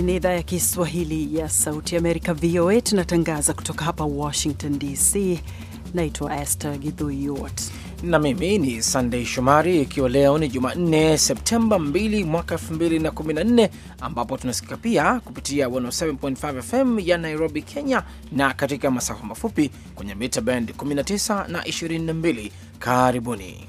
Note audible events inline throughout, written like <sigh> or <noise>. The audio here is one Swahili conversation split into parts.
Hii ni idhaa ya Kiswahili ya Sauti Amerika, VOA. Tunatangaza kutoka hapa Washington DC. Naitwa Esther Gidhuiyot na mimi ni Sandei Shomari, ikiwa leo ni Jumanne Septemba 2 mwaka 2014, ambapo tunasikika pia kupitia 107.5 FM ya Nairobi, Kenya, na katika masafa mafupi kwenye mita band 19 na 22. Karibuni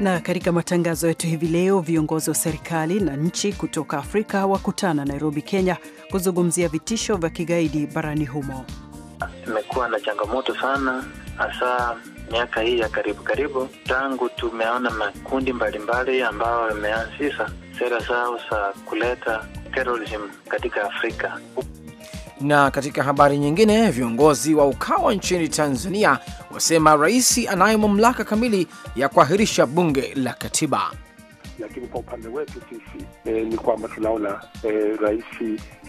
Na katika matangazo yetu hivi leo, viongozi wa serikali na nchi kutoka Afrika wakutana Nairobi, Kenya, kuzungumzia vitisho vya kigaidi barani humo. imekuwa na changamoto sana, hasa miaka hii ya karibu karibu, tangu tumeona makundi mbalimbali ambayo yameanzisha sera zao za kuleta terrorism katika Afrika. Na katika habari nyingine, viongozi wa UKAWA nchini Tanzania wasema rais anayo mamlaka kamili ya kuahirisha bunge la katiba. Lakini kwa upande wetu sisi e, ni kwamba tunaona e, rais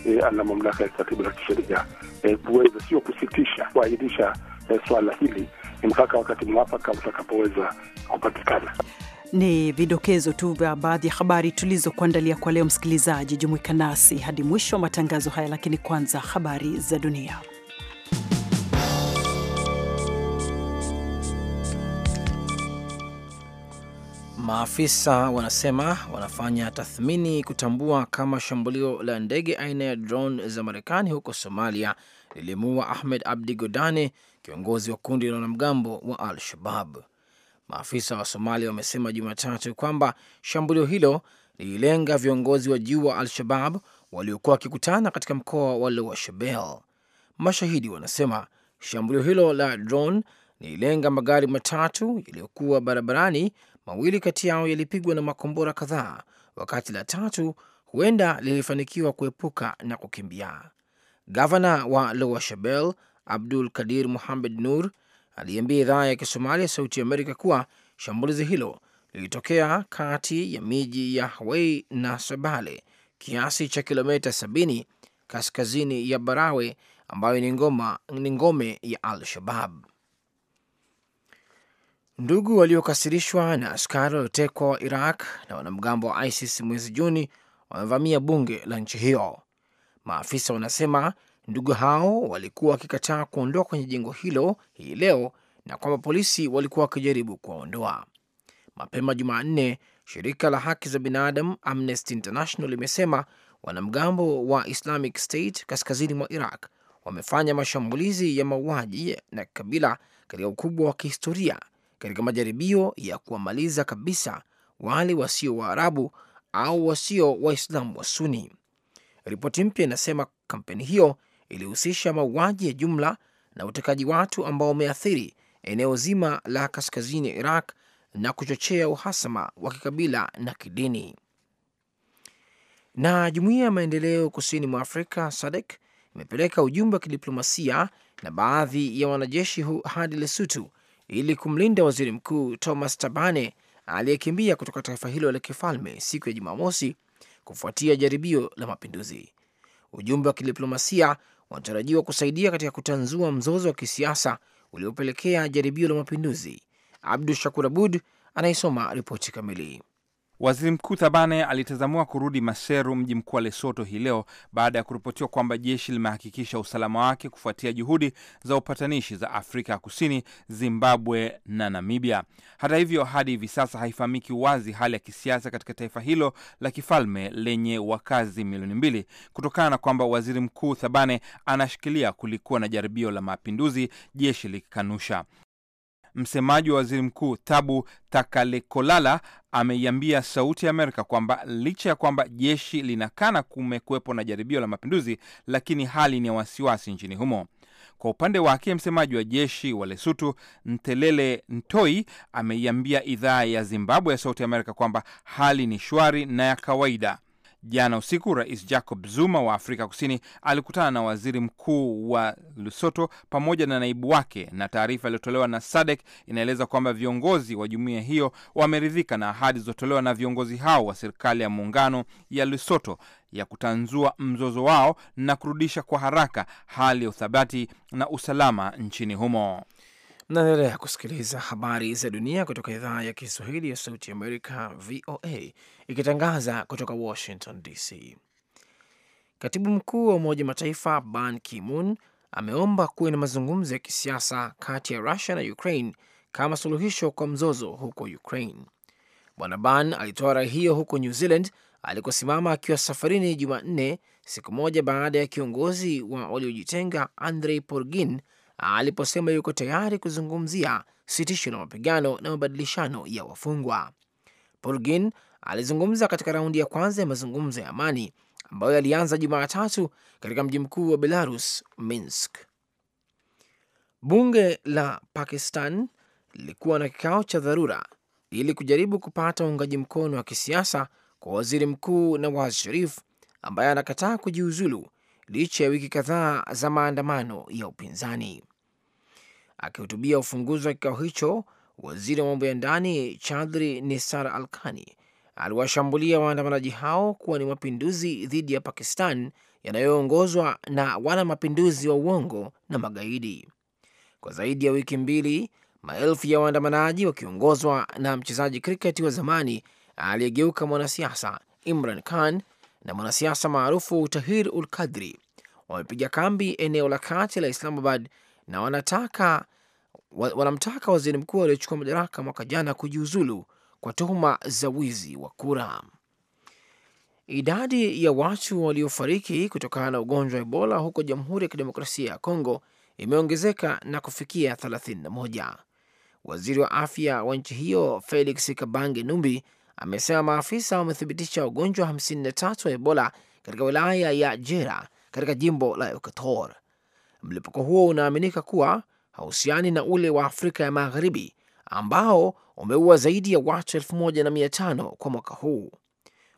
e, ana mamlaka ya katiba na kisheria e, kuweza sio kusitisha, kuahirisha e, swala hili mpaka wakati mwafaka utakapoweza kupatikana. Ni vidokezo tu vya baadhi ya habari tulizokuandalia kwa leo. Msikilizaji, jumuika nasi hadi mwisho wa matangazo haya, lakini kwanza, habari za dunia. Maafisa wanasema wanafanya tathmini kutambua kama shambulio la ndege aina ya drone za Marekani huko Somalia lilimuua Ahmed Abdi Godane, kiongozi wa kundi la wanamgambo wa Al-Shabab. Maafisa wa Somalia wamesema Jumatatu kwamba shambulio hilo lililenga viongozi wa juu wa Al-Shabab waliokuwa wakikutana katika mkoa wa Lower Shabelle. Mashahidi wanasema shambulio hilo la drone lililenga magari matatu yaliyokuwa barabarani. Mawili kati yao yalipigwa na makombora kadhaa, wakati la tatu huenda lilifanikiwa kuepuka na kukimbia. Gavana wa Lower Shabelle Abdul Kadir Muhamed Nur aliambia idhaa ya Kisomali ya Sauti Amerika kuwa shambulizi hilo lilitokea kati ya miji ya Hawei na Sabale, kiasi cha kilomita 70 kaskazini ya Barawe, ambayo ni ngome ya Al-Shabab. Ndugu waliokasirishwa na askari waliotekwa wa Iraq na wanamgambo wa ISIS mwezi Juni wamevamia bunge la nchi hiyo. Maafisa wanasema Ndugu hao walikuwa wakikataa kuondoka kwenye jengo hilo hii leo na kwamba polisi walikuwa wakijaribu kuwaondoa. Mapema Jumanne, shirika la haki za binadam Amnesty International limesema wanamgambo wa Islamic State kaskazini mwa Iraq wamefanya mashambulizi ya mauaji na kabila katika ukubwa wa kihistoria katika majaribio ya kuwamaliza kabisa wale wasio Waarabu au wasio Waislamu wa Suni. Ripoti mpya inasema kampeni hiyo ilihusisha mauaji ya jumla na utekaji watu ambao umeathiri eneo zima la kaskazini Iraq na kuchochea uhasama wa kikabila na kidini. Na jumuiya ya maendeleo kusini mwa Afrika SADC imepeleka ujumbe wa kidiplomasia na baadhi ya wanajeshi hadi lesutu ili kumlinda waziri mkuu Thomas Tabane aliyekimbia kutoka taifa hilo la kifalme siku ya Jumamosi kufuatia jaribio la mapinduzi. Ujumbe wa kidiplomasia wanatarajiwa kusaidia katika kutanzua mzozo wa kisiasa uliopelekea jaribio la mapinduzi. Abdu Shakur Abud anayesoma ripoti kamili. Waziri Mkuu Thabane alitazamiwa kurudi Maseru, mji mkuu wa Lesoto, hii leo baada ya kuripotiwa kwamba jeshi limehakikisha usalama wake kufuatia juhudi za upatanishi za Afrika ya Kusini, Zimbabwe na Namibia. Hata hivyo, hadi hivi sasa haifahamiki wazi hali ya kisiasa katika taifa hilo la kifalme lenye wakazi milioni mbili, kutokana na kwamba waziri mkuu Thabane anashikilia kulikuwa na jaribio la mapinduzi, jeshi likikanusha. Msemaji wa waziri mkuu Thabu Takalekolala ameiambia Sauti ya Amerika kwamba licha ya kwamba jeshi linakana kumekuwepo na jaribio la mapinduzi, lakini hali ni ya wasiwasi nchini humo. Kwa upande wake msemaji wa jeshi wa Lesutu Ntelele Ntoi ameiambia idhaa ya Zimbabwe ya Sauti Amerika kwamba hali ni shwari na ya kawaida. Jana usiku Rais Jacob Zuma wa Afrika Kusini alikutana na waziri mkuu wa Lesotho pamoja na naibu wake, na taarifa iliyotolewa na SADC inaeleza kwamba viongozi wa jumuiya hiyo wameridhika na ahadi zilizotolewa na viongozi hao wa serikali ya muungano ya Lesotho ya kutanzua mzozo wao na kurudisha kwa haraka hali ya uthabati na usalama nchini humo naendelea kusikiliza habari za dunia kutoka idhaa ya Kiswahili ya Sauti Amerika, VOA, ikitangaza kutoka Washington DC. Katibu mkuu wa Umoja Mataifa Ban Ki-moon ameomba kuwe na mazungumzo ya kisiasa kati ya Rusia na Ukraine kama suluhisho kwa mzozo huko Ukraine. Bwana Ban alitoa rai hiyo huko New Zealand alikosimama akiwa safarini Jumanne, siku moja baada ya kiongozi wa waliojitenga Andrei Porgin aliposema yuko tayari kuzungumzia sitisho la mapigano na mabadilishano ya wafungwa. Purgin alizungumza katika raundi ya kwanza ya mazungumzo ya amani ambayo yalianza Jumatatu katika mji mkuu wa Belarus, Minsk. Bunge la Pakistan lilikuwa na kikao cha dharura ili kujaribu kupata uungaji mkono wa kisiasa kwa waziri mkuu Nawaz Sharif ambaye anakataa kujiuzulu licha ya wiki kadhaa za maandamano ya upinzani. Akihutubia ufunguzi wa kikao hicho, waziri wa mambo ya ndani Chadri Nisar Alkani aliwashambulia waandamanaji hao kuwa ni mapinduzi dhidi ya Pakistan yanayoongozwa na wana mapinduzi wa uongo na magaidi. Kwa zaidi ya wiki mbili, maelfu ya waandamanaji wakiongozwa na mchezaji kriketi wa zamani aliyegeuka mwanasiasa Imran Khan na mwanasiasa maarufu Tahir ul Kadri wamepiga kambi eneo la kati la Islamabad na wanataka wanamtaka waziri mkuu aliyechukua madaraka mwaka jana kujiuzulu kwa tuhuma za wizi wa kura. Idadi ya watu waliofariki kutokana na ugonjwa wa Ebola huko Jamhuri ya Kidemokrasia ya Kongo imeongezeka na kufikia 31. Waziri wa afya wa nchi hiyo Felix Kabange Numbi amesema maafisa wamethibitisha wagonjwa 53 wa Ebola katika wilaya ya Jera katika jimbo la Ekator. Mlipuko huo unaaminika kuwa hausiani na ule wa Afrika ya Magharibi ambao umeua zaidi ya watu 1500 kwa mwaka huu.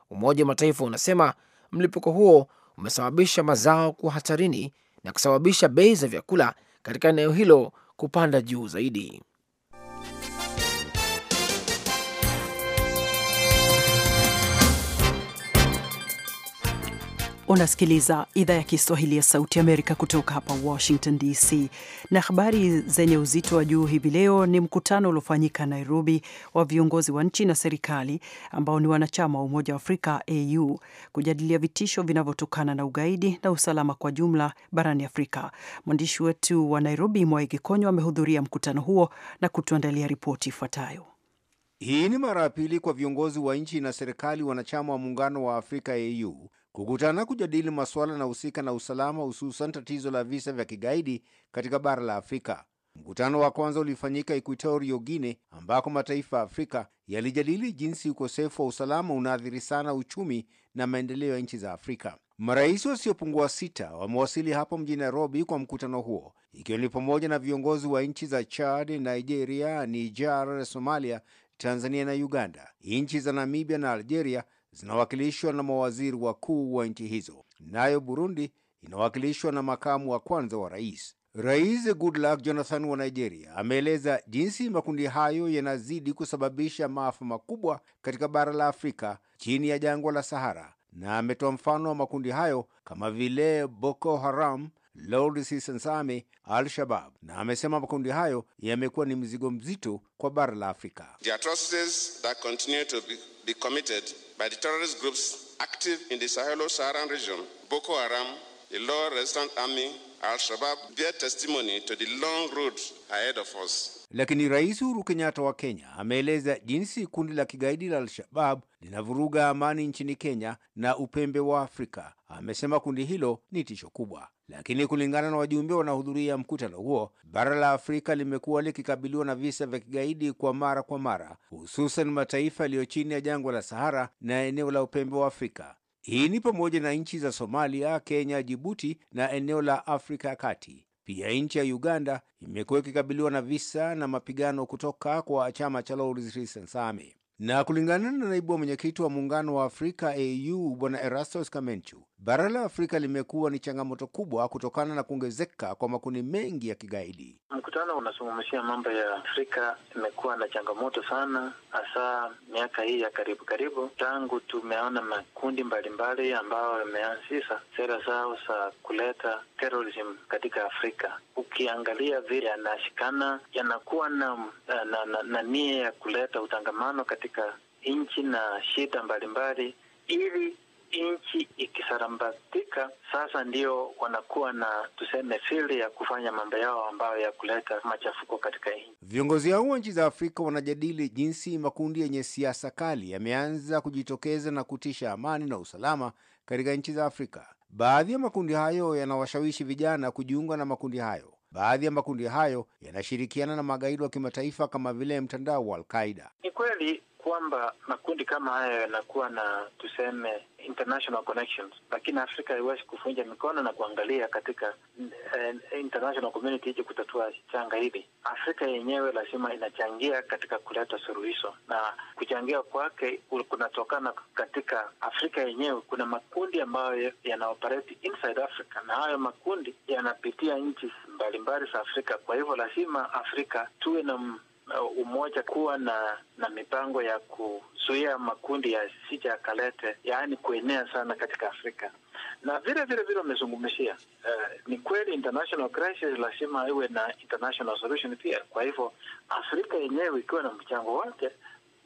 Umoja wa Mataifa unasema mlipuko huo umesababisha mazao kuwa hatarini na kusababisha bei za vyakula katika eneo hilo kupanda juu zaidi. Unasikiliza idhaa ya Kiswahili ya Sauti Amerika kutoka hapa Washington DC, na habari zenye uzito wa juu hivi leo ni mkutano uliofanyika Nairobi wa viongozi wa nchi na serikali ambao ni wanachama wa Umoja wa Afrika AU kujadilia vitisho vinavyotokana na ugaidi na usalama kwa jumla barani Afrika. Mwandishi wetu wa Nairobi, Mwaigi Konyo, amehudhuria mkutano huo na kutuandalia ripoti ifuatayo. Hii ni mara ya pili kwa viongozi wa nchi na serikali wanachama wa Muungano wa Afrika AU kukutana kujadili masuala yanahusika na usalama, hususan tatizo la visa vya kigaidi katika bara la Afrika. Mkutano wa kwanza ulifanyika Equatorio guine ambako mataifa ya Afrika yalijadili jinsi ukosefu wa usalama unaathiri sana uchumi na maendeleo ya nchi za Afrika. Marais wasiopungua sita wamewasili hapo mjini Nairobi kwa mkutano huo, ikiwa ni pamoja na viongozi wa nchi za Chad, Nigeria, Niger, Somalia, Tanzania na Uganda, nchi za Namibia na Algeria zinawakilishwa na mawaziri wakuu wa nchi hizo, nayo Burundi inawakilishwa na makamu wa kwanza wa rais. Rais Goodluck Jonathan wa Nigeria ameeleza jinsi makundi hayo yanazidi kusababisha maafa makubwa katika bara la Afrika chini ya jangwa la Sahara, na ametoa mfano wa makundi hayo kama vile Boko Haram, lord Resistance Army, al shabab na amesema makundi hayo yamekuwa ni mzigo mzito kwa bara la Afrika. The atrocities that continue to be committed by the terrorist groups active in the Sahel saharan region, Boko Haram, the Law Resistance Army, Al-Shabaab bear testimony to the long road ahead of us. Lakini Rais Uhuru Kenyatta wa Kenya ameeleza jinsi kundi la kigaidi la al shabab linavuruga amani nchini Kenya na upembe wa Afrika. Amesema kundi hilo ni tisho kubwa. Lakini kulingana na wajumbe wanaohudhuria mkutano huo, bara la Afrika limekuwa likikabiliwa na visa vya kigaidi kwa mara kwa mara, hususan mataifa yaliyo chini ya jangwa la Sahara na eneo la upembe wa Afrika. Hii ni pamoja na nchi za Somalia, Kenya, Jibuti na eneo la Afrika ya Kati. Pia nchi ya Uganda imekuwa ikikabiliwa na visa na mapigano kutoka kwa chama cha Lord's Resistance Army. Na kulingana na naibu wa mwenyekiti wa muungano wa Afrika AU Bwana Erastus Kamenchu, Bara la Afrika limekuwa ni changamoto kubwa kutokana na kuongezeka kwa makundi mengi ya kigaidi. Mkutano unazungumzia mambo ya Afrika imekuwa na changamoto sana, hasa miaka hii ya karibu karibu, tangu tumeona makundi mbalimbali ambayo yameanzisha sera zao za kuleta terrorism katika Afrika. Ukiangalia vile yanashikana, yanakuwa na, na, na, na, na nia ya kuleta utangamano katika nchi na shida mbalimbali ili nchi ikisarambatika sasa ndio wanakuwa na tuseme fili ya kufanya mambo yao ambayo ya kuleta machafuko katika nchi. Viongozi hao wa nchi za Afrika wanajadili jinsi makundi yenye siasa kali yameanza kujitokeza na kutisha amani na usalama katika nchi za Afrika. Baadhi ya makundi hayo yanawashawishi vijana kujiunga na makundi hayo. Baadhi ya makundi hayo yanashirikiana na magaidi wa kimataifa kama vile mtandao wa Alqaida. Ni kweli kwamba makundi kama haya yanakuwa na tuseme international connections, lakini Afrika haiwezi kufunja mikono na kuangalia katika uh, international community hiji kutatua changa hili. Afrika yenyewe lazima inachangia katika kuleta suluhisho, na kuchangia kwake kunatokana katika Afrika yenyewe. Kuna makundi ambayo yanaoperate inside Africa na hayo makundi yanapitia nchi mbalimbali za Afrika. Kwa hivyo lazima Afrika tuwe na Uh, umoja kuwa na na mipango ya kuzuia makundi ya sija kalete yaani kuenea sana katika Afrika. Na vile vile vile umezungumzia, uh, ni kweli international crisis lazima iwe na international solution pia. Kwa hivyo Afrika yenyewe ikiwa na mchango wake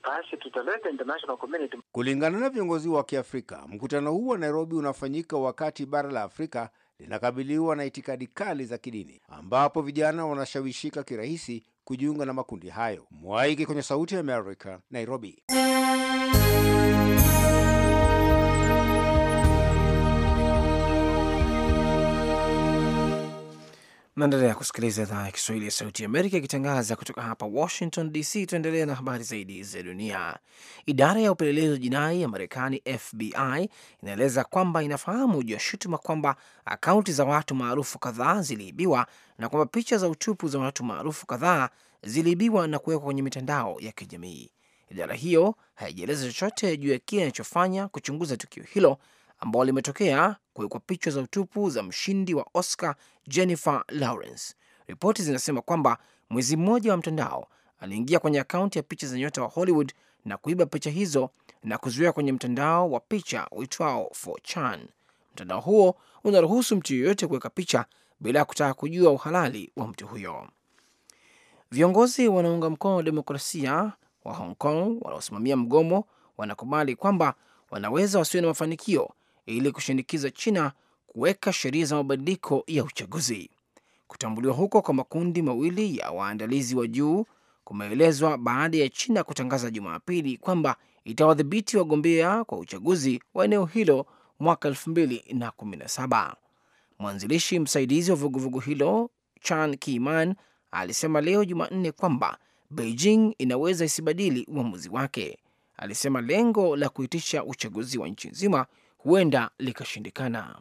basi tutaleta international community. Kulingana na viongozi wa Kiafrika, mkutano huu wa Nairobi unafanyika wakati bara la Afrika linakabiliwa na itikadi kali za kidini, ambapo vijana wanashawishika kirahisi kujiunga na makundi hayo. Mwaiki kwenye Sauti ya Amerika, Nairobi. naendelea kusikiliza idhaa ya Kiswahili ya Sauti ya Amerika ikitangaza kutoka hapa Washington DC. Tuendelea na habari zaidi za dunia. Idara ya upelelezi wa jinai ya Marekani, FBI, inaeleza kwamba inafahamu juu ya shutuma kwamba akaunti za watu maarufu kadhaa ziliibiwa na kwamba picha za utupu za watu maarufu kadhaa ziliibiwa na kuwekwa kwenye mitandao ya kijamii. Idara hiyo haijaeleza chochote juu ya kile inachofanya kuchunguza tukio hilo ambao limetokea kuwekwa picha za utupu za mshindi wa Oscar Jennifer Lawrence. Ripoti zinasema kwamba mwizi mmoja wa mtandao aliingia kwenye akaunti ya picha za nyota wa Hollywood na kuiba picha hizo na kuziweka kwenye mtandao wa picha uitwao 4chan. Mtandao huo unaruhusu mtu yeyote kuweka picha bila ya kutaka kujua uhalali wa mtu huyo. Viongozi wanaunga mkono wa demokrasia wa Hong Kong wanaosimamia mgomo wanakubali kwamba wanaweza wasiwe na mafanikio ili kushinikiza China kuweka sheria za mabadiliko ya uchaguzi. Kutambuliwa huko kwa makundi mawili ya waandalizi wa juu kumeelezwa baada ya China kutangaza Jumapili kwamba itawadhibiti wagombea kwa uchaguzi wa eneo hilo mwaka 217 Mwanzilishi msaidizi wa vuguvugu hilo Chan Kiman alisema leo Jumanne kwamba Beijing inaweza isibadili uamuzi wake. Alisema lengo la kuitisha uchaguzi wa nchi nzima huenda likashindikana.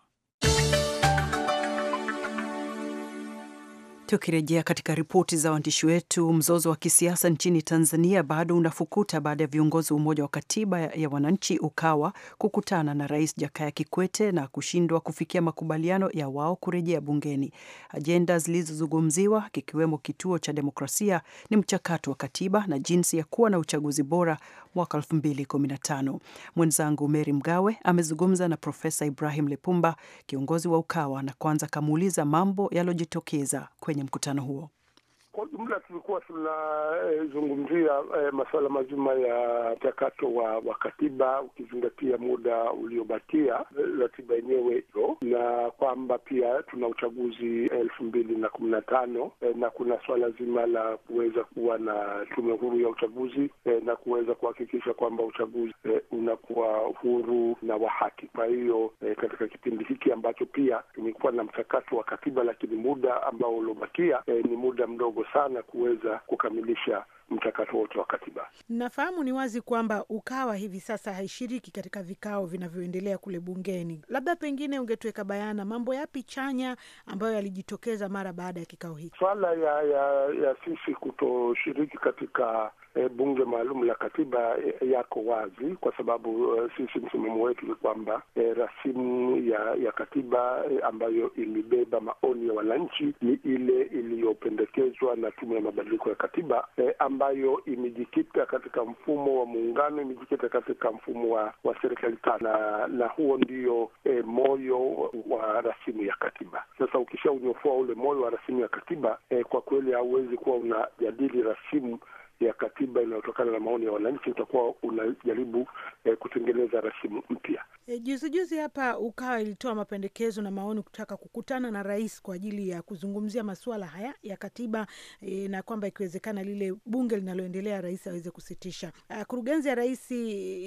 Tukirejea katika ripoti za waandishi wetu, mzozo wa kisiasa nchini Tanzania bado unafukuta baada ya viongozi wa Umoja wa Katiba ya Wananchi Ukawa kukutana na Rais Jakaya Kikwete na kushindwa kufikia makubaliano ya wao kurejea bungeni. Ajenda zilizozungumziwa kikiwemo kituo cha demokrasia, ni mchakato wa katiba na jinsi ya kuwa na uchaguzi bora mwaka 2015. Mwenzangu Meri Mgawe amezungumza na Profesa Ibrahim Lipumba, kiongozi wa UKAWA, na kwanza akamuuliza mambo yaliyojitokeza kwenye mkutano huo. Kwa jumla tulikuwa tunazungumzia eh, masuala mazima ya mchakato wa, wa katiba ukizingatia muda uliobakia eh, ratiba yenyewe hiyo, na kwamba pia tuna uchaguzi elfu mbili na kumi na tano eh, na kuna swala zima la kuweza kuwa na tume huru ya uchaguzi eh, na kuweza kuhakikisha kwamba uchaguzi eh, unakuwa huru na wa haki. Kwa hiyo eh, katika kipindi hiki ambacho pia tumekuwa na mchakato wa katiba, lakini muda ambao uliobakia eh, ni muda mdogo sana kuweza kukamilisha mchakato wote wa katiba. Nafahamu ni wazi kwamba UKAWA hivi sasa haishiriki katika vikao vinavyoendelea kule bungeni. Labda pengine ungetuweka bayana mambo yapi chanya ambayo yalijitokeza mara baada ya kikao hiki. Swala ya, ya, ya sisi kutoshiriki katika e, bunge maalum la katiba e, yako wazi kwa sababu e, sisi msimamo wetu ni kwamba e, rasimu ya ya katiba e, ambayo ilibeba maoni ya wananchi ni ile iliyopendekezwa na tume ya mabadiliko ya katiba e, amba ambayo imejikita katika mfumo wa muungano, imejikita katika mfumo wa, wa serikali tano, na, na huo ndio e, moyo wa rasimu ya katiba. Sasa ukishaunyofoa ule moyo wa rasimu ya katiba e, kwa kweli hauwezi kuwa unajadili rasimu ya katiba inayotokana na maoni ya wananchi, utakuwa unajaribu eh, kutengeneza rasimu mpya. E, juzi juzi hapa UKAWA ilitoa mapendekezo na maoni kutaka kukutana na rais kwa ajili ya kuzungumzia masuala haya ya katiba e, na kwamba ikiwezekana lile bunge linaloendelea rais aweze kusitisha. Ah, kurugenzi ya rais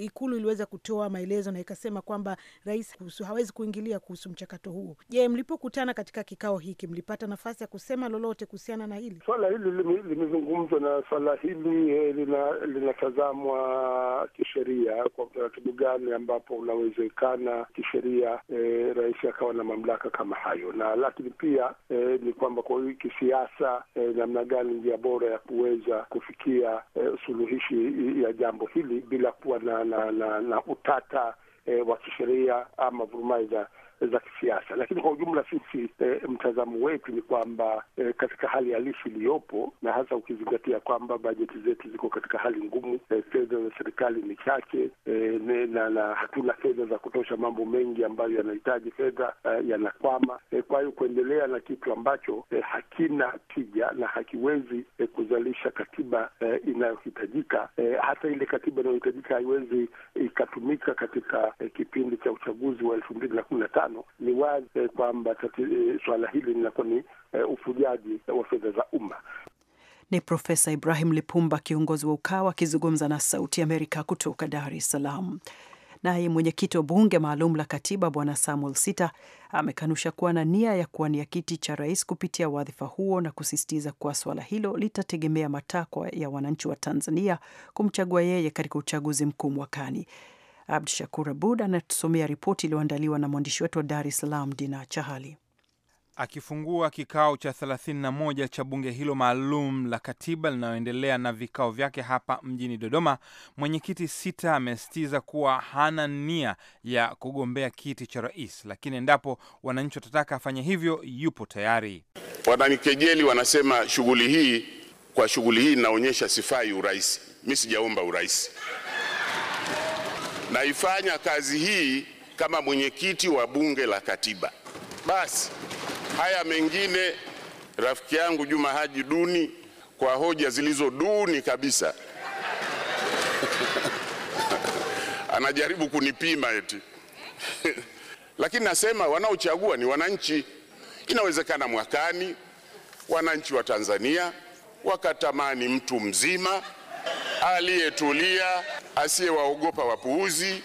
Ikulu iliweza kutoa maelezo na ikasema kwamba rais kuhusu, hawezi kuingilia kuhusu mchakato huo. Je, mlipokutana katika kikao hiki mlipata nafasi ya kusema lolote kuhusiana na hili swala? Hili limezungumzwa na swala hili hili eh, linatazamwa lina kisheria kwa utaratibu gani ambapo unawezekana kisheria e, rais akawa na mamlaka kama hayo, na lakini pia e, ni kwamba kwa hii kisiasa e, namna gani njia bora ya kuweza kufikia e, suluhishi ya jambo hili bila kuwa na, na, na, na utata e, wa kisheria ama vurumai za za kisiasa. Lakini kwa ujumla sisi e, mtazamo wetu ni kwamba e, katika hali halisi iliyopo na hasa ukizingatia kwamba bajeti zetu ziko katika hali ngumu, e, fedha za serikali ni chache e, na, na hatuna fedha za kutosha. Mambo mengi ambayo yanahitaji fedha e, yanakwama. E, kwa hiyo kuendelea na kitu ambacho e, hakina tija na hakiwezi e, kuzalisha katiba e, inayohitajika e, hata ile katiba inayohitajika haiwezi ikatumika katika e, kipindi cha uchaguzi wa elfu mbili na kumi na tano tano, ni wazi kwamba eh, swala hili linakuwa ni uh, ufujaji wa fedha za umma. Ni Profesa Ibrahim Lipumba, kiongozi wa UKAWA akizungumza na Sauti Amerika kutoka Dar es Salaam. Naye mwenyekiti wa bunge maalum la katiba Bwana Samuel Sita amekanusha kuwa na nia ya kuwania kiti cha rais kupitia wadhifa huo na kusisitiza kuwa suala hilo litategemea matakwa ya wananchi wa Tanzania kumchagua yeye katika uchaguzi mkuu mwakani. Abdu Shakur Abud anatusomea ripoti iliyoandaliwa na mwandishi wetu wa Dar es Salaam, Dina Chahali. Akifungua kikao cha 31 cha bunge hilo maalum la katiba linaloendelea na vikao vyake hapa mjini Dodoma, mwenyekiti Sita amesisitiza kuwa hana nia ya kugombea kiti cha rais, lakini endapo wananchi watataka afanye hivyo, yupo tayari. Wananikejeli, wanasema shughuli hii, kwa shughuli hii inaonyesha sifai urais. Mi sijaomba urais naifanya kazi hii kama mwenyekiti wa Bunge la Katiba. Basi haya mengine, rafiki yangu Juma Haji Duni, kwa hoja zilizo duni kabisa <laughs> anajaribu kunipima eti <laughs> lakini nasema wanaochagua ni wananchi. Inawezekana mwakani wananchi wa Tanzania wakatamani mtu mzima aliyetulia, asiyewaogopa wapuuzi.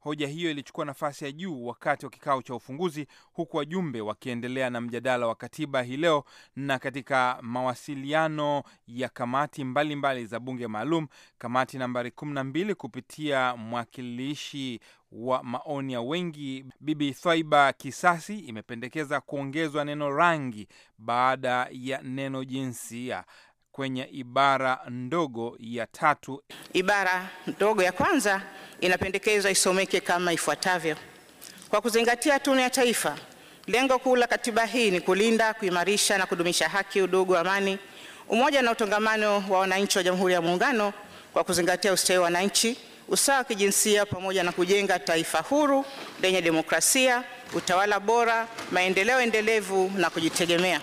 Hoja hiyo ilichukua nafasi ya juu wakati wa kikao cha ufunguzi, huku wajumbe wakiendelea na mjadala wa katiba hii leo. Na katika mawasiliano ya kamati mbalimbali mbali za bunge maalum, kamati nambari kumi na mbili kupitia mwakilishi wa maoni ya wengi Bibi Thaiba Kisasi imependekeza kuongezwa neno rangi baada ya neno jinsia kwenye ibara ndogo ya tatu. Ibara ndogo ya kwanza inapendekezwa isomeke kama ifuatavyo: kwa kuzingatia tunu ya taifa, lengo kuu la katiba hii ni kulinda, kuimarisha na kudumisha haki, udugu, amani, umoja na utangamano wa wananchi wa Jamhuri ya Muungano kwa kuzingatia ustawi wa wananchi, usawa wa kijinsia, pamoja na kujenga taifa huru lenye demokrasia, utawala bora, maendeleo endelevu na kujitegemea.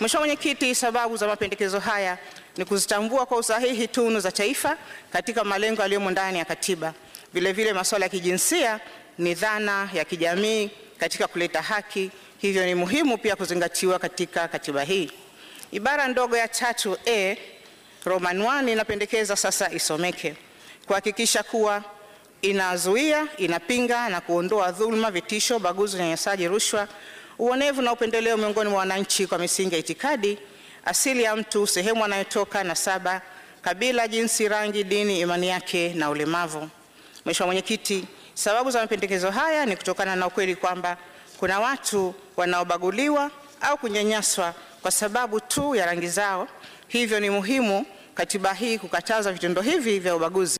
Mheshimiwa Mwenyekiti, sababu za mapendekezo haya ni kuzitambua kwa usahihi tunu za taifa katika malengo yaliyomo ndani ya katiba. Vilevile, masuala ya kijinsia ni dhana ya kijamii katika kuleta haki, hivyo ni muhimu pia kuzingatiwa katika katiba hii. Ibara ndogo ya tatu a Roman 1 inapendekeza sasa isomeke kuhakikisha kuwa inazuia, inapinga na kuondoa dhulma, vitisho, baguzi, unyanyasaji, rushwa uonevu na upendeleo miongoni mwa wananchi kwa misingi ya itikadi, asili ya mtu, sehemu anayotoka, na saba kabila, jinsi, rangi, dini, imani yake na ulemavu. Mheshimiwa Mwenyekiti, sababu za mapendekezo haya ni kutokana na ukweli kwamba kuna watu wanaobaguliwa au kunyanyaswa kwa sababu tu ya rangi zao. Hivyo ni muhimu katiba hii kukataza vitendo hivi vya ubaguzi.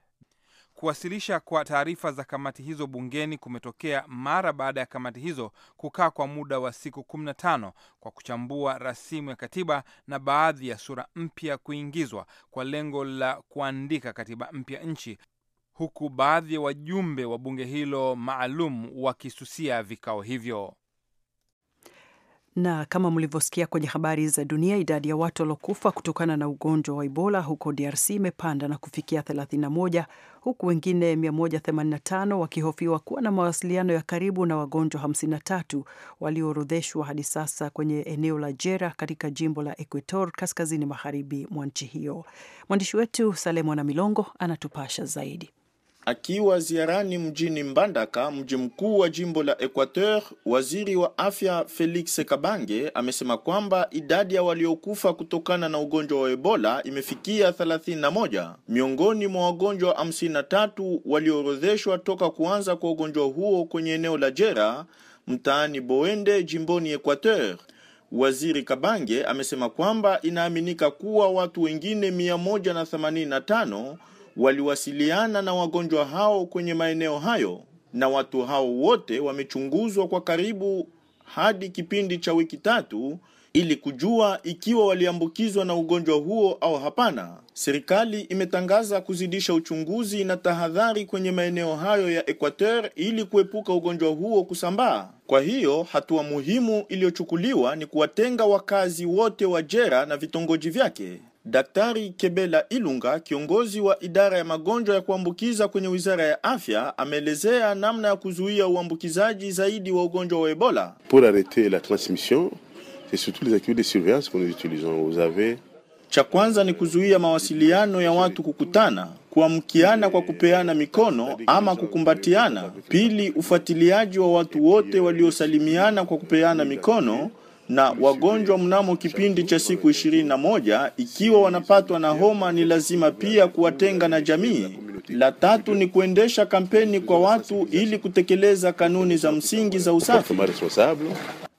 Kuwasilisha kwa taarifa za kamati hizo bungeni kumetokea mara baada ya kamati hizo kukaa kwa muda wa siku 15 kwa kuchambua rasimu ya katiba na baadhi ya sura mpya kuingizwa kwa lengo la kuandika katiba mpya nchi, huku baadhi ya wajumbe wa bunge hilo maalum wakisusia vikao hivyo. Na kama mlivyosikia kwenye habari za dunia, idadi ya watu waliokufa kutokana na ugonjwa wa Ebola huko DRC imepanda na kufikia 31 huku wengine 185 wakihofiwa kuwa na mawasiliano ya karibu na wagonjwa 53 walioorodheshwa hadi sasa kwenye eneo la Jera katika jimbo la Equator kaskazini magharibi mwa nchi hiyo. Mwandishi wetu Salemo na Milongo anatupasha zaidi. Akiwa ziarani mjini Mbandaka, mji mkuu wa jimbo la Equateur, waziri wa afya Felix Kabange amesema kwamba idadi ya waliokufa kutokana na ugonjwa wa Ebola imefikia 31 miongoni mwa wagonjwa 53 walioorodheshwa toka kuanza kwa ugonjwa huo kwenye eneo la Jera mtaani Boende jimboni Equateur. Waziri Kabange amesema kwamba inaaminika kuwa watu wengine 185 waliwasiliana na wagonjwa hao kwenye maeneo hayo, na watu hao wote wamechunguzwa kwa karibu hadi kipindi cha wiki tatu ili kujua ikiwa waliambukizwa na ugonjwa huo au hapana. Serikali imetangaza kuzidisha uchunguzi na tahadhari kwenye maeneo hayo ya Equateur ili kuepuka ugonjwa huo kusambaa. Kwa hiyo, hatua muhimu iliyochukuliwa ni kuwatenga wakazi wote wa Jera na vitongoji vyake. Daktari Kebela Ilunga, kiongozi wa idara ya magonjwa ya kuambukiza kwenye Wizara ya Afya, ameelezea namna ya kuzuia uambukizaji zaidi wa ugonjwa wa Ebola. Pour arreter la transmission, c'est surtout les activités de surveillance que nous utilisons. Vous avez cha kwanza ni kuzuia mawasiliano ya watu kukutana, kuamkiana kwa kupeana mikono ama kukumbatiana. Pili, ufuatiliaji wa watu wote waliosalimiana kwa kupeana mikono na wagonjwa mnamo kipindi cha siku ishirini na moja ikiwa wanapatwa na homa ni lazima pia kuwatenga na jamii. La tatu ni kuendesha kampeni kwa watu ili kutekeleza kanuni za msingi za usafi.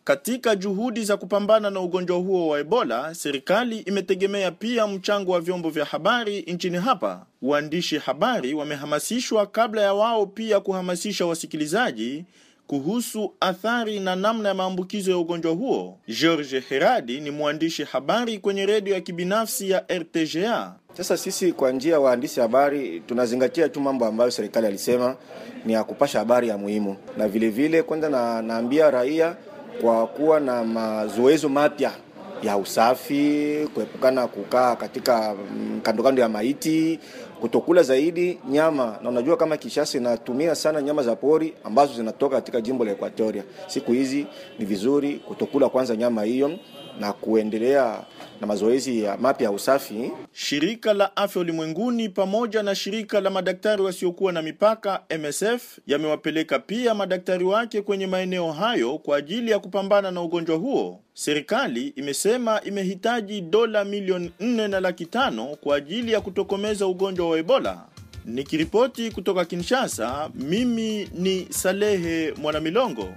Katika juhudi za kupambana na ugonjwa huo wa Ebola, serikali imetegemea pia mchango wa vyombo vya habari nchini hapa. Waandishi habari wamehamasishwa kabla ya wao pia kuhamasisha wasikilizaji kuhusu athari na namna ya maambukizo ya ugonjwa huo. George Heradi ni mwandishi habari kwenye redio ya kibinafsi ya RTGA. Sasa sisi kwa njia waandishi habari tunazingatia tu mambo ambayo serikali alisema ni ya kupasha habari ya muhimu, na vilevile kwanza na, naambia raia kwa kuwa na mazoezo mapya ya usafi, kuepukana kukaa katika mm, kandokando ya maiti, kutokula zaidi nyama. Na unajua kama Kinshasa inatumia sana nyama za pori ambazo zinatoka katika jimbo la equatoria Siku hizi ni vizuri kutokula kwanza nyama hiyo na kuendelea na mazoezi ya mapya ya usafi. Shirika la Afya Ulimwenguni pamoja na shirika la madaktari wasiokuwa na mipaka MSF yamewapeleka pia madaktari wake kwenye maeneo hayo kwa ajili ya kupambana na ugonjwa huo. Serikali imesema imehitaji dola milioni nne na laki tano kwa ajili ya kutokomeza ugonjwa wa Ebola. Nikiripoti kutoka Kinshasa, mimi ni Salehe Mwanamilongo.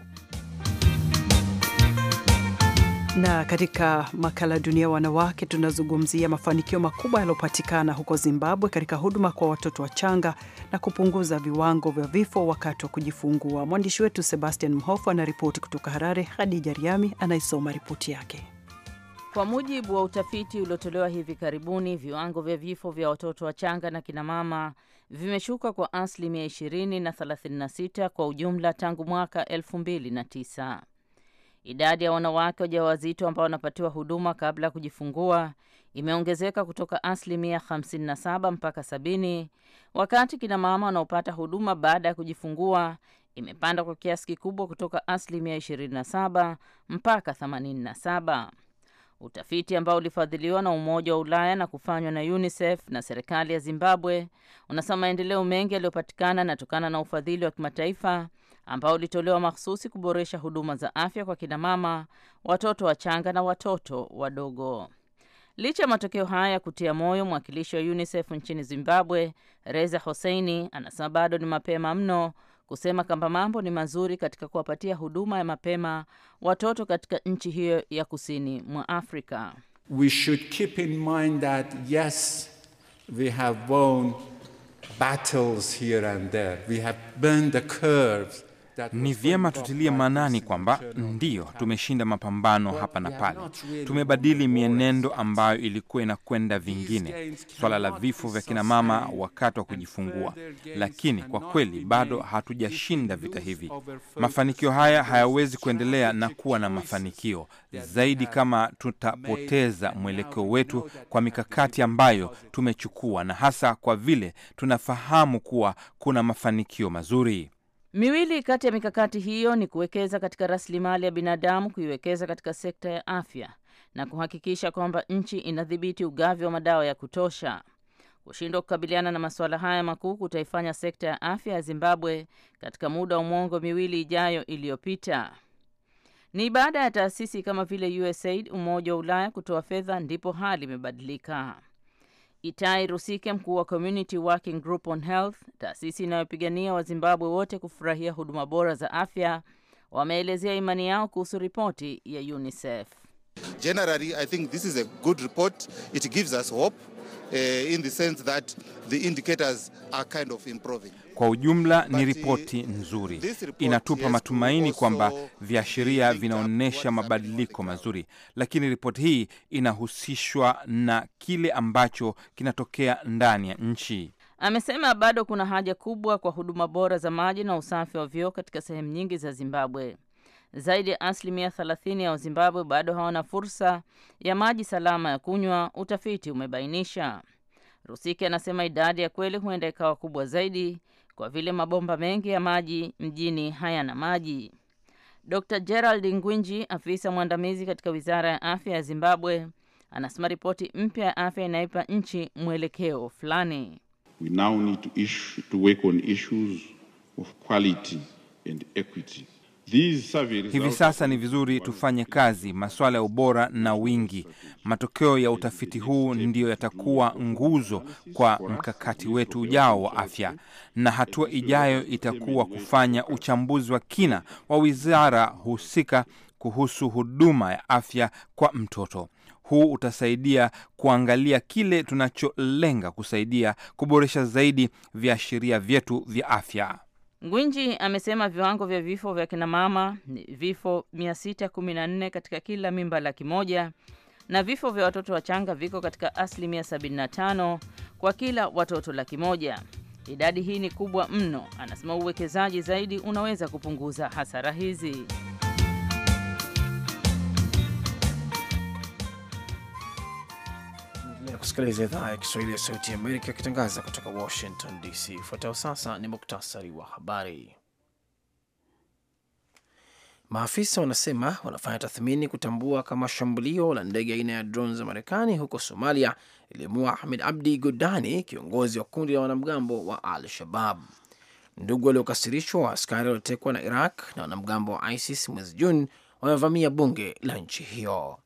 Na katika makala ya dunia wanawake, tunazungumzia mafanikio makubwa yaliyopatikana huko Zimbabwe katika huduma kwa watoto wachanga na kupunguza viwango vya vifo wakati wa kujifungua. Mwandishi wetu Sebastian Mhofu anaripoti kutoka Harare. Hadija Riami anaisoma ripoti yake. Kwa mujibu wa utafiti uliotolewa hivi karibuni, viwango vya vifo vya watoto wachanga na kinamama vimeshuka kwa asilimia 20 na 36 kwa ujumla tangu mwaka 2009. Idadi ya wanawake wajawazito ambao wanapatiwa huduma kabla ya kujifungua imeongezeka kutoka asilimia 57 mpaka 70, wakati kina mama wanaopata huduma baada ya kujifungua imepanda kwa kiasi kikubwa kutoka asilimia 27 mpaka 87. Utafiti ambao ulifadhiliwa na Umoja wa Ulaya na kufanywa na UNICEF na serikali ya Zimbabwe unasema maendeleo mengi yaliyopatikana yanatokana na ufadhili wa kimataifa ambao ulitolewa mahsusi kuboresha huduma za afya kwa kinamama, watoto wachanga na watoto wadogo. Licha ya matokeo haya ya kutia moyo, mwakilishi wa UNICEF nchini Zimbabwe Reza Hoseini anasema bado ni mapema mno kusema kwamba mambo ni mazuri katika kuwapatia huduma ya mapema watoto katika nchi hiyo ya kusini mwa Afrika. We should keep in mind that yes, we have won battles here and there. We have burned the curves ni vyema tutilie maanani kwamba ndiyo tumeshinda mapambano hapa na pale, tumebadili mienendo ambayo ilikuwa inakwenda vingine, swala la vifo vya kinamama wakati wa kujifungua, lakini kwa kweli bado hatujashinda vita hivi. Mafanikio haya hayawezi kuendelea na kuwa na mafanikio zaidi kama tutapoteza mwelekeo wetu kwa mikakati ambayo tumechukua, na hasa kwa vile tunafahamu kuwa kuna mafanikio mazuri. Miwili kati ya mikakati hiyo ni kuwekeza katika rasilimali ya binadamu, kuiwekeza katika sekta ya afya na kuhakikisha kwamba nchi inadhibiti ugavi wa madawa ya kutosha. Kushindwa kukabiliana na masuala haya makuu kutaifanya sekta ya afya ya Zimbabwe katika muda wa mwongo miwili ijayo iliyopita. Ni baada ya taasisi kama vile USAID, Umoja wa Ulaya kutoa fedha ndipo hali imebadilika. Itai Rusike, mkuu wa Community Working Group on Health, taasisi inayopigania Wazimbabwe wote kufurahia huduma bora za afya, wameelezea imani yao kuhusu ripoti ya UNICEF. Generally, I think this is a good report. It gives us hope, uh, in the sense that the indicators are kind of improving. Kwa ujumla ni uh, ripoti nzuri, inatupa matumaini kwamba viashiria vinaonyesha mabadiliko mazuri, lakini ripoti hii inahusishwa na kile ambacho kinatokea ndani ya nchi. Amesema bado kuna haja kubwa kwa huduma bora za maji na usafi wa vyoo katika sehemu nyingi za Zimbabwe. Zaidi ya asilimia 30 ya Wazimbabwe bado hawana fursa ya maji salama ya kunywa, utafiti umebainisha. Rusike anasema idadi ya kweli huenda ikawa kubwa zaidi kwa vile mabomba mengi ya maji mjini hayana maji. Dr Gerald Ngwinji, afisa mwandamizi katika wizara ya afya ya Zimbabwe, anasema ripoti mpya ya afya inaipa nchi mwelekeo fulani. We now need to issue, to work on issues of quality and equity. Hivi sasa ni vizuri tufanye kazi masuala ya ubora na wingi. Matokeo ya utafiti huu ndiyo yatakuwa nguzo kwa mkakati wetu ujao wa afya, na hatua ijayo itakuwa kufanya uchambuzi wa kina wa wizara husika kuhusu huduma ya afya kwa mtoto. Huu utasaidia kuangalia kile tunacholenga kusaidia kuboresha zaidi viashiria vyetu vya afya. Ngwinji amesema viwango vya vifo vya kinamama ni vifo 614 katika kila mimba laki moja na vifo vya watoto wachanga viko katika asilimia 75 kwa kila watoto laki moja. Idadi hii ni kubwa mno. Anasema uwekezaji zaidi unaweza kupunguza hasara hizi. kusikiliza idhaa ya Kiswahili ya Sauti ya Amerika ikitangaza kutoka Washington DC. Ifuatayo sasa ni muktasari wa habari. Maafisa wanasema wanafanya tathmini kutambua kama shambulio la ndege aina ya drone za Marekani huko Somalia ilimuua Ahmed Abdi gudani kiongozi wa kundi la wanamgambo wa Al Shabab. Ndugu waliokasirishwa wa askari waliotekwa na Iraq na wanamgambo wa ISIS mwezi Juni wamevamia bunge la nchi hiyo.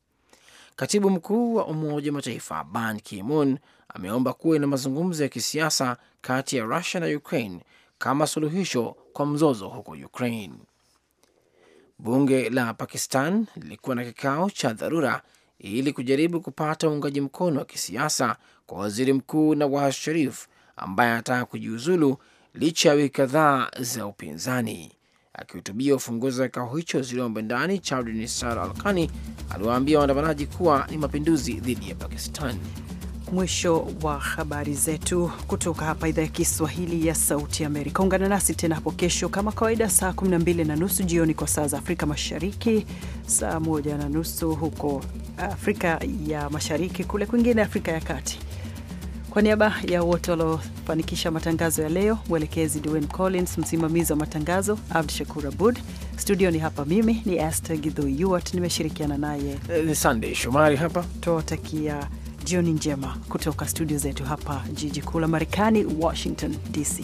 Katibu mkuu wa Umoja wa Mataifa Ban Ki-moon ameomba kuwe na mazungumzo ya kisiasa kati ya Rusia na Ukraine kama suluhisho kwa mzozo huko Ukraine. Bunge la Pakistan lilikuwa na kikao cha dharura ili kujaribu kupata uungaji mkono wa kisiasa kwa waziri mkuu Nawaz Sharif ambaye anataka kujiuzulu licha ya wiki kadhaa za upinzani. Akihutubia ufunguzi wa kikao hicho, waziri wa mambo ndani Nisar Alkani aliwaambia waandamanaji kuwa ni mapinduzi dhidi ya Pakistan. Mwisho wa habari zetu kutoka hapa idhaa ya Kiswahili ya Sauti Amerika. Ungana nasi tena hapo kesho kama kawaida, saa 12 na nusu jioni kwa saa za Afrika Mashariki, saa 1 na nusu huko Afrika ya Mashariki, kule kwingine Afrika ya Kati. Kwa niaba ya wote waliofanikisha matangazo ya leo, mwelekezi Dwayne Collins, msimamizi wa matangazo Abdu Shakur Abud, studioni hapa mimi ni Aster Gidho Yuart, nimeshirikiana naye eh, Sandey Shomari. Hapa tuwatakia jioni njema kutoka studio zetu hapa jiji kuu la Marekani, Washington DC.